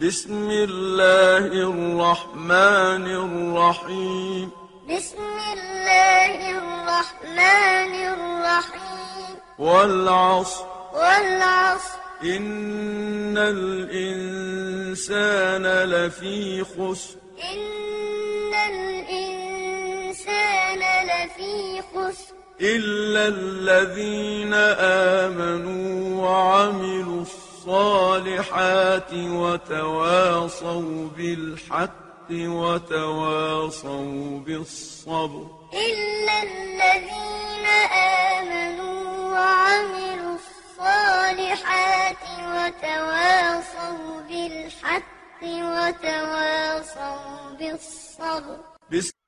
بسم الله الرحمن الرحيم بسم الله الرحمن الرحيم والعصر والعصر إن الإنسان لفي خسر إن الإنسان لفي خسر إلا الذين آمنوا وعملوا الصالحات الصالحات وتواصوا بالحق وتواصوا بالصبر إلا الذين آمنوا وعملوا الصالحات وتواصوا بالحق وتواصوا بالصبر